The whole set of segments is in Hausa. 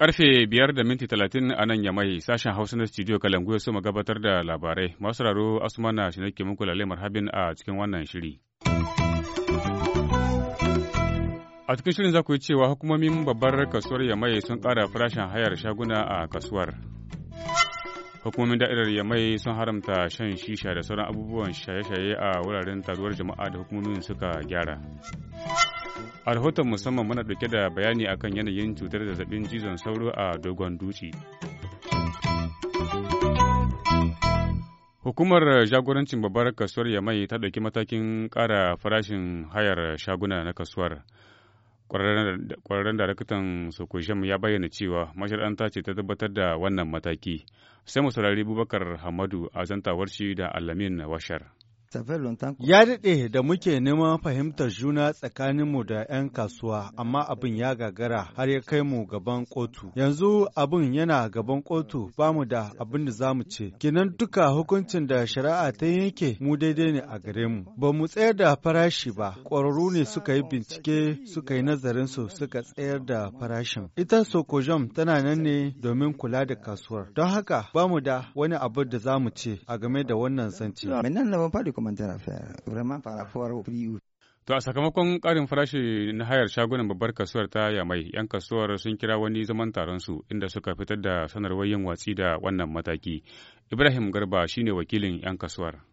Karfe biyar da minti talatin a nan yamai sashen Hausa na studio Kalangu ya so ma gabatar da labarai. Masu raro Asumana shi nake muku marhabin a cikin wannan shiri. A cikin shirin za ku yi cewa hukumomin babbar kasuwar Yamai sun ƙara farashin hayar shaguna a kasuwar. hukumomin da'irar yamai sun haramta shan shisha da sauran abubuwan shaye-shaye a wuraren taruwar jama'a da hukumomin suka gyara a rahoton musamman muna dauke da bayani akan yanayin cutar zazzabin cizon sauro a dogon duci Hukumar jagorancin babbar kasuwar Yamai ta ɗauki matakin ƙara farashin hayar shaguna na kasuwar. Kwararren daraktan Sokosham ya bayyana cewa mashar'anta ce ta tabbatar da wannan mataki. Sai mu saurari Bubakar Hamadu a zantawar shi da Alamin Washar. Ya daɗe da muke neman fahimtar juna tsakaninmu da 'yan kasuwa, amma abin ya gagara har ya kai mu gaban kotu. Yanzu abin yana gaban kotu ba mu da abin da za mu ce. Kinan duka hukuncin da shari'a ta yanke mu daidai ne a gare mu. Ba mu tsayar da farashi ba, ƙwararru ne suka yi bincike suka yi nazarin suka tsayar da farashin. Ita Sokojam tana nan ne domin kula da kasuwar. Don haka ba mu da wani abu da za mu ce a game da wannan zance. vraiment par rapport au To a sakamakon karin farashi na hayar shagunan babbar kasuwar ta Yamai, 'yan kasuwar sun kira wani zaman taron su inda suka fitar da sanarwar yin watsi da wannan mataki. Ibrahim Garba shine wakilin 'yan kasuwar.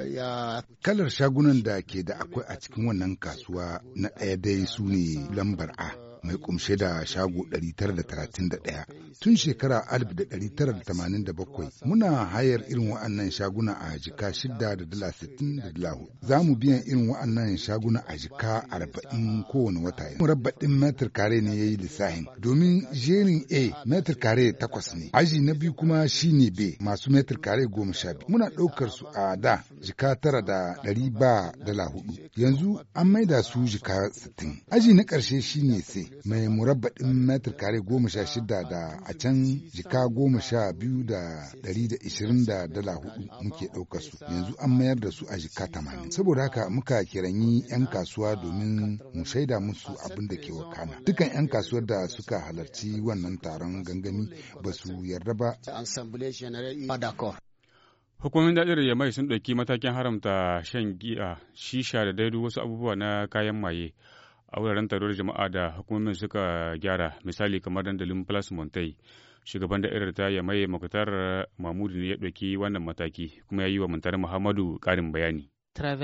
ya kalar shagunan da ke da akwai a cikin wannan kasuwa na ɗaya dai su ne lambar a mai kumshe da shago 931 tun shekara 1987 muna hayar irin wa'annan shaguna a jika 6 da dala 60 da dala 4 za mu biyan irin wa'annan shaguna a jika 40 kowane wata murabbaɗin metar kare ne ya yi lissahin domin jerin a metar kare takwas ne aji na biyu kuma shi ne b masu metar kare goma sha biyu muna ɗaukar su a da jika tara da ba dala hudu yanzu an maida su jika sittin aji na ƙarshe ne sai mai murabba'in metar kare goma sha shida da a can jika goma sha biyu da ɗari da ishirin da dala hudu muke ɗaukar su yanzu an mayar da su a jika tamanin saboda haka muka kiranyi 'yan kasuwa domin mu shaida musu abin da ke wakana dukan 'yan kasuwar da suka halarci wannan taron gangami ba su yarda ba Hukumomin daɗin ya mai sun ɗauki matakin haramta shan giya, shisha da daidu wasu abubuwa na kayan maye. a wuraren taruwar jama'a da hukumomin suka gyara misali kamar dandalin Plus Montai. Shugaban da irin ta ya maye Makutar Mahmudu ne ya ɗauki wannan mataki kuma ya yi wa Muhammadu ƙarin bayani. Euh, Ta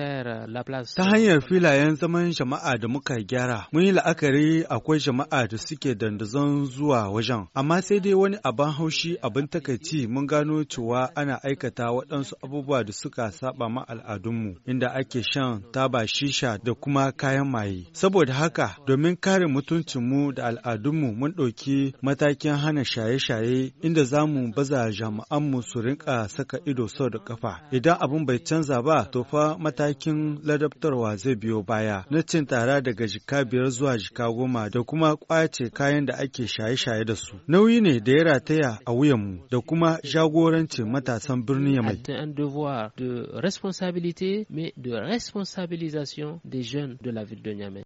euh, hanyar filayen zaman jama'a da muka gyara, mun yi la'akari akwai jama'a da suke dandazon zuwa wajen, amma sai dai wani abin haushi abin takaici mun gano cewa ana aikata waɗansu abubuwa da suka saba ma al'adunmu, inda ake shan taba shisha da kuma kayan maye. Saboda haka, domin kare mutuncinmu da al'adunmu mun ɗauki matakin hana shaye-shaye inda za mu baza jama'anmu su rinƙa saka ido sau da kafa. Idan abin bai canza ba, to fa matakin ladabtarwa zai biyo baya na cin tara daga jika biyar zuwa jika goma da kuma kwace kayan da ake shaye-shaye da su. Nauyi ne da ya rataya a wuyanmu da kuma jagorancin matasan birnin Yamai. de responsabilité, mais de responsabilisation des jeunes de la de Niamey.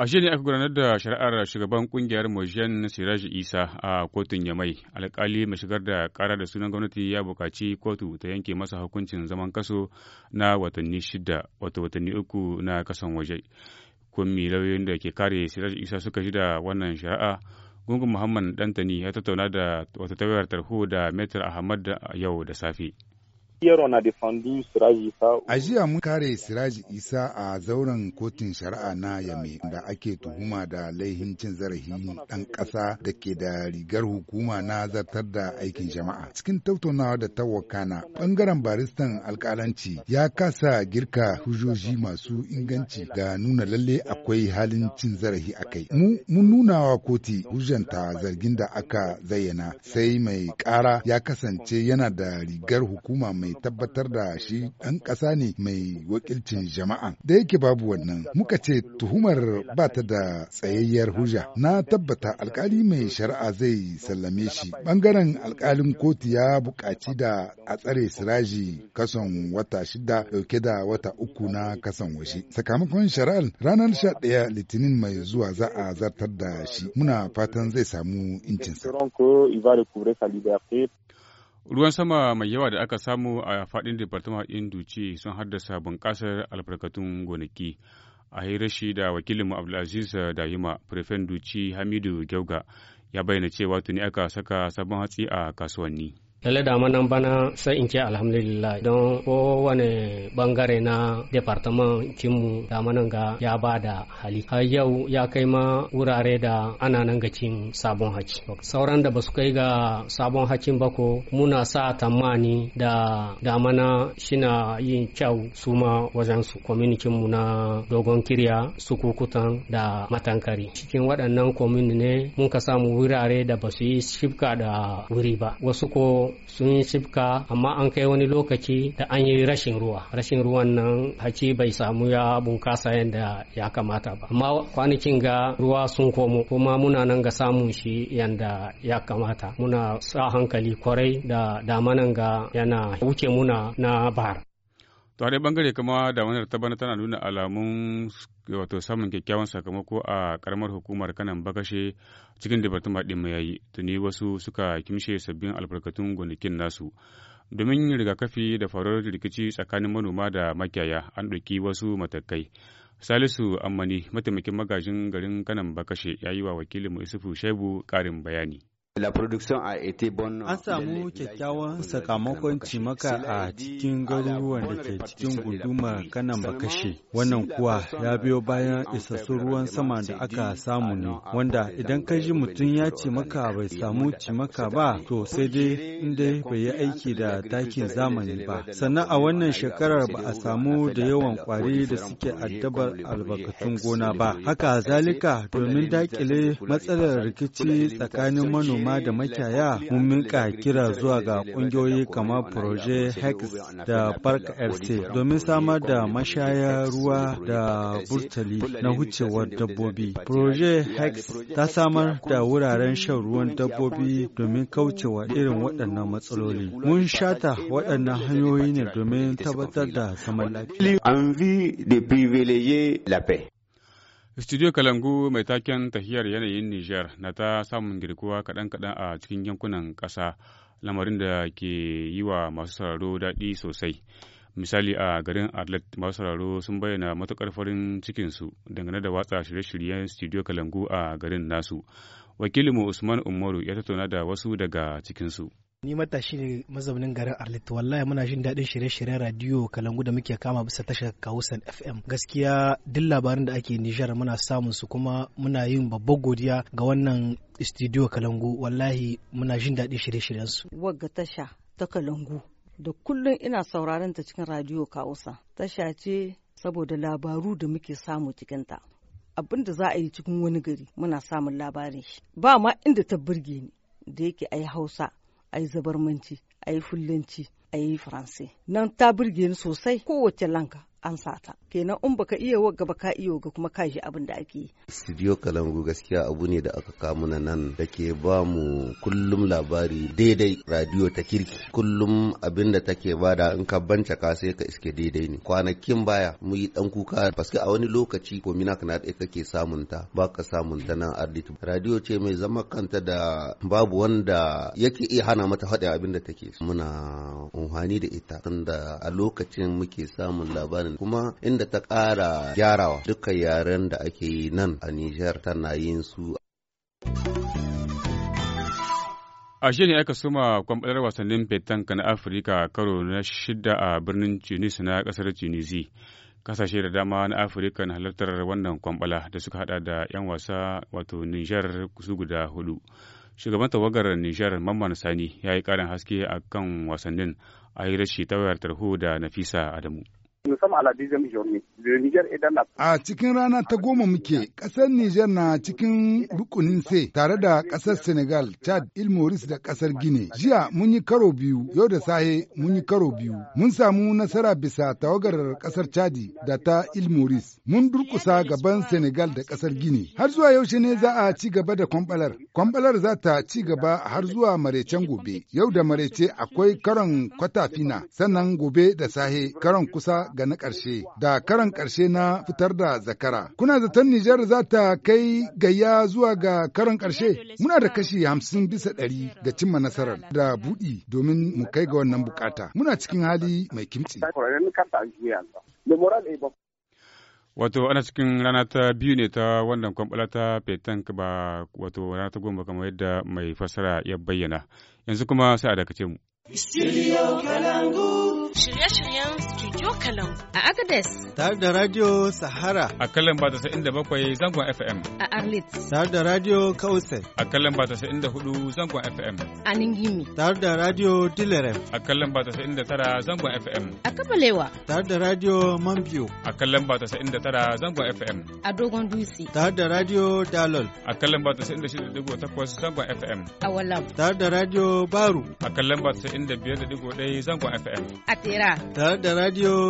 A jiya ne aka gudanar da shari'ar shugaban kungiyar Mojen Siraj Isa a kotun Yamai. Alkali mai shigar da kara da sunan gwamnati ya bukaci kotu ta yanke masa hukuncin zaman kaso na watanni shida wato watanni uku na kasan waje. Kummi lauyoyin da ke kare Siraj Isa suka ji da wannan shari'a. Gungun Muhammad Dantani ya tattauna da wata tawayar tarho da Metar Ahmad yau da safe. A jiya mun kare Siraji Isa a zauren kotun shari'a na Yame da ake tuhuma da laihin cin zarafin ɗan ƙasa da ke da rigar hukuma na zartar da aikin jama'a. Cikin tattaunawa da tawakana ɓangaren baristan alƙalanci ya kasa girka hujjoji masu inganci da nuna lalle akwai halin cin zarafi a kai. Mu mun nuna wa koti hujjanta zargin da aka zayyana sai mai ƙara ya kasance yana da rigar hukuma mai mai tabbatar da shi ɗan ƙasa ne mai wakilcin jama'a. Da yake babu wannan muka ce tuhumar ba ta da tsayayyar hujja. Na tabbata alkali mai shari'a zai sallame shi. ɓangaren alkalin kotu ya buƙaci da a tsare siraji kason wata shida ɗauke da wata uku na kason waje. Sakamakon shari'ar ranar sha ɗaya litinin mai zuwa za a zartar da shi. Muna fatan zai samu incinsa. Ruwan sama mai yawa da aka samu a faɗin Departement induce duci sun haddasa bunƙasar albarkatun gonaki. A hirashi da wakilinmu Abdulaziz dahima Prefen Duci Hamidu Gyauga, ya bayyana cewa tuni aka saka sabon hatsi a kasuwanni. lalle da manan bana sai in ce alhamdulillah don kowane bangare na departaman kinmu da manan ga ya ba da hali har yau ya kai ma wurare da ana nan ga cin sabon haci sauran da basu kai ga sabon hacin ba ko muna sa tamani da damana shina yin kyau su ma wajen su mu na dogon kirya su kukutan da matankari cikin waɗannan kominine ne mun ka samu wurare da basu yi shifka da wuri ba wasu ko sun yi sifka amma an kai wani lokaci da an yi rashin ruwa rashin ruwan nan haci bai samu ya bunkasa yadda ya kamata ba amma kwanakin ga ruwa sun komo kuma muna nan ga samun shi yadda ya kamata muna sa hankali kwarai da damanan ga yana wuce muna na bahar to bangare kama damanar ta bana tana nuna alamun wato samun kyakkyawan sakamako a karamar hukumar kanan bagashe cikin departama ɗin yayi tuni wasu suka kimshe sabbin albarkatun gonakin nasu domin yin rigakafi da faruwar rikici tsakanin manoma da makiyaya an ɗauki wasu matakai salisu ammani mataimakin magajin garin kanan bakashe ya yi wa wakilin yusufu shaibu ƙarin bayani a An samu kyakkyawan sakamakon cimaka a cikin garuruwan da ke cikin gudumar kanan kashe, Wannan kuwa ya biyo bayan isassun ruwan sama da aka samu ne, wanda idan ka ji mutum ya cimaka bai samu cimaka ba, to sai dai inda bai yi aiki da takin zamani ba. Sannan a wannan shekarar ba a samu da yawan kwari da suke addabar albarkatun gona ba. Haka zalika domin dakile matsalar rikici tsakanin manoma manoma da makiyaya mun minka kira zuwa ga kungiyoyi kamar Proje Hex da Park FC domin samar da mashaya ruwa da burtali na wucewar dabbobi. Proje Hex ta samar da wuraren shan ruwan dabbobi domin kaucewa irin waɗannan matsaloli. Mun shata waɗannan hanyoyi ne domin tabbatar da saman lafiya. Studio Kalangu mai taken tahiyar yanayin Nijar na ta samun girkuwa kaɗan-kaɗan a cikin yankunan ƙasa lamarin da ke yi wa masu sauraro daɗi sosai. Misali a garin Adlet masu sauraro sun bayyana matuƙar farin cikinsu dangane da watsa shirye-shiryen Studio Kalangu a garin nasu. Wakilinmu Usman Umaru ya tattauna da wasu daga cikinsu. Ni matashi ne mazaunin garin Arlit wallahi muna jin daɗin shirye-shiryen radiyo kalangu da muke kama bisa tashar Kawusan FM. Gaskiya duk labarin da ake Nijar muna samun su kuma muna yin babban godiya ga wannan studio kalangu wallahi muna jin daɗin shirye-shiryen su. Wagga tasha ta kalangu da kullum ina sauraron ta cikin radiyo Kawusa. Tasha ce saboda labaru da muke samu cikinta. Abin da za a yi cikin wani gari muna samun labarin shi. Ba ma inda ta burge ni da yake ai Hausa a yi zabarmanci a yi fullanci a yi faransi nan ta burge ni sosai kowace lanka an sata kenan in baka iya wa gaba ka iyo ga kuma ka ji abin da ake yi studio kalangu gaskiya abu ne da aka kamu na nan da ke ba mu kullum labari daidai radio ta kirki kullum abin da take bada in ka banca ka sai ka iske daidai ne kwanakin baya mu yi dan kuka paske a wani lokaci ko mina kana da kake samun ta ba ka samun ta nan radio ce mai zama kanta da babu wanda yake iya hana mata faɗi abin da take muna amfani da ita tunda a lokacin muke samun labarin kuma inda ta ƙara gyarawa duka yaren da ake yi nan a Nijar tana yin su A shi ne aka suma kwamfalar wasannin petanka na Afirka karo na shida a birnin Tunis na kasar Tunisi. Kasashe da dama na Afirka na halartar wannan kwamfala da suka hada da 'yan wasa wato Nijar su guda hudu. shugaban tawagar nijar mamman sani ya yi ƙarin haske a kan wasannin a hirar shi ta wayar tarho da nafisa adamu Eh, a cikin rana ta goma muke, ƙasar Nijar na cikin rukunin se tare da ƙasar Senegal, Chad, Ilmoris da ƙasar Gine. Jiya mun yi karo biyu, yau da sahe mun yi karo biyu. Mun samu nasara bisa tawagar ƙasar Chadi da ta Ilmoris. Mun durƙusa gaban Senegal da ƙasar Gine. Har zuwa yaushe ne za a ci gaba da kwambalar. Kwambalar za ta ci gaba har zuwa marecen gobe. Yau da marece akwai karon kwatafina, sannan gobe da sahe karon kusa ga na ƙarshe da karan ƙarshe na fitar da zakara. Kuna zaton Nijar za ta kai gayya zuwa ga karan ƙarshe? Muna da kashi hamsin bisa ɗari ga cimma nasarar da buɗi domin mu kai ga wannan bukata. Muna cikin hali mai kimtsi. Wato ana cikin rana ta biyu ne ta wannan kwamfula ta petank ba wato rana ta goma kamar yadda mai fasara ya bayyana. Yanzu kuma sai a dakace mu. Shirye-shiryen Kalam. A Agadez. Tare da Radio Sahara. A kalan ba inda bakwai zangon FM. A Arlit. Tare da Radio Kausai. A kalan ba inda hudu zangon FM. A Ningimi. Tare da Radio Dilerem. A kalan ba inda tara zangon FM. A Kabalewa. Tare da Radio Mambiyo. A kalan ba inda tara zangon FM. A Dogon Dutse. Tare da Radio Dalol. A kalan ba inda shida digo takwas zangon FM. A Walam. Tare da Radio Baru. A kalan ba inda biyar da digo ɗaya zangon FM. A Tera. Tare da Radio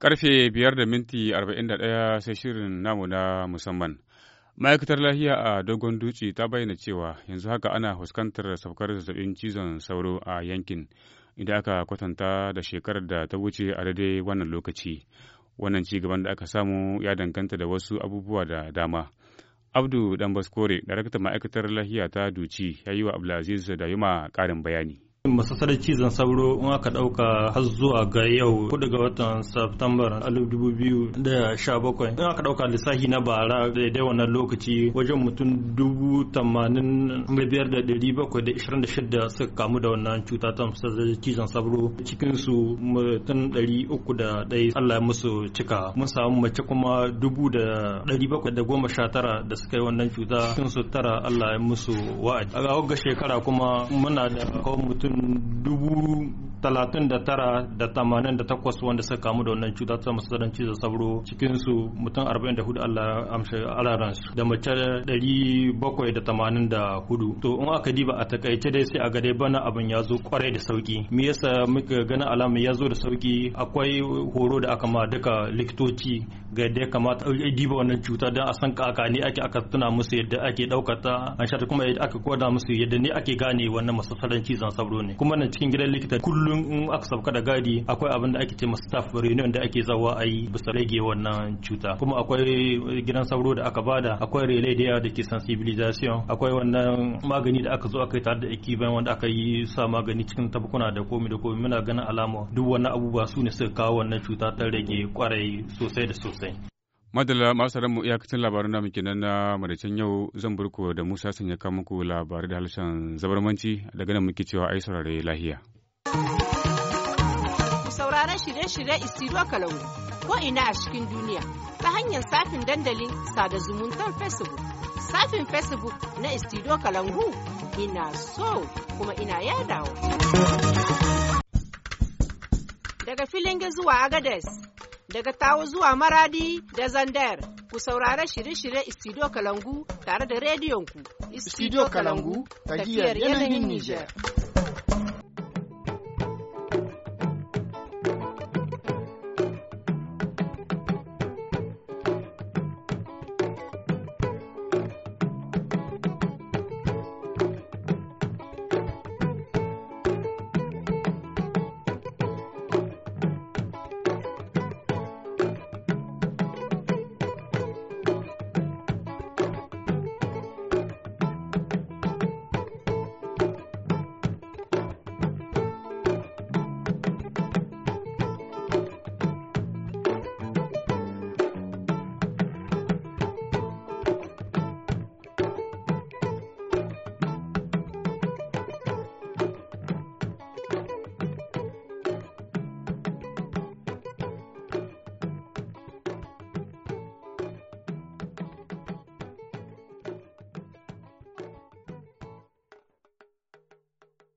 Karfe biyar da minti arba'in da ɗaya sai shirin namu na musamman. Ma'aikatar lahiya a Dogon Dutse ta bayyana cewa yanzu haka ana fuskantar saukar zazzabin cizon sauro a yankin idan aka kwatanta da shekarar da ta wuce a daidai wannan lokaci. Wannan ci gaban da aka samu ya danganta da wasu abubuwa da dama. Abdu Dambaskore, daraktan ma'aikatar lahiya ta Duci, ya yi wa Abdulaziz da yuma ƙarin bayani. masasar cizon sauro in aka dauka har zuwa ga yau ko daga watan Septambar 2017 in aka dauka lissafi na bara daidai wannan lokaci wajen mutum dubu tamanin biyar da dari bakwai da ishirin da shida suka kamu da wannan cuta ta masasar cizon sauro cikin su mutum dari uku da ɗaya Allah ya musu cika mun samu mace kuma dubu da dari bakwai da goma sha tara da suka yi wannan cuta cikin su tara Allah ya musu wa'adi a ga shekara kuma muna da kawo mutum mutum 39,88 wanda suka kamu da wannan cuta ta masasaran cizon sauro cikinsu mutum 44 da hudu Allah amshe alaransu da mace 784 to in aka diba a takaice dai sai a ga dai bana abin ya zo kwarai da sauki me yasa muka gani alama ya zo da sauki akwai horo da aka ma duka likitoci ga da ya kamata a diba wannan cuta don a san kaka ne ake aka tuna musu yadda ake ɗaukata an shata kuma aka koda musu yadda ne ake gane wannan masasaran cizon sauro ne kuma nan cikin gidan likita kullum in aka sauka da gadi akwai abin da ake ce masa staff reunion da ake zawa a yi bisa rage wannan cuta kuma akwai gidan sauro da aka bada akwai relay da yawa da ke sensibilization akwai wannan magani da aka zo aka yi tare da ekiban wanda aka yi sa magani cikin tabkuna da komi da komi muna ganin alama duk wannan abubuwa su ne suka kawo wannan cuta ta rage kwarai sosai da sosai madala masu mu iyakacin labaran namu kenan na maraicen yau zan burko da musa sanya kawo muku labarai da harshen zabarmanci daga nan muke cewa ai saurare lahiya sauraron shirye-shirye isiro kalau ko ina a cikin duniya ta hanyar safin dandalin sada zumuntar facebook safin facebook na isiro kalangu ina so kuma ina yadawa daga filin zuwa agades daga tawo zuwa maradi da zandar ku saurara shirye-shirye Studio kalangu tare da rediyonku Studio kalangu tafiyar yanayin niger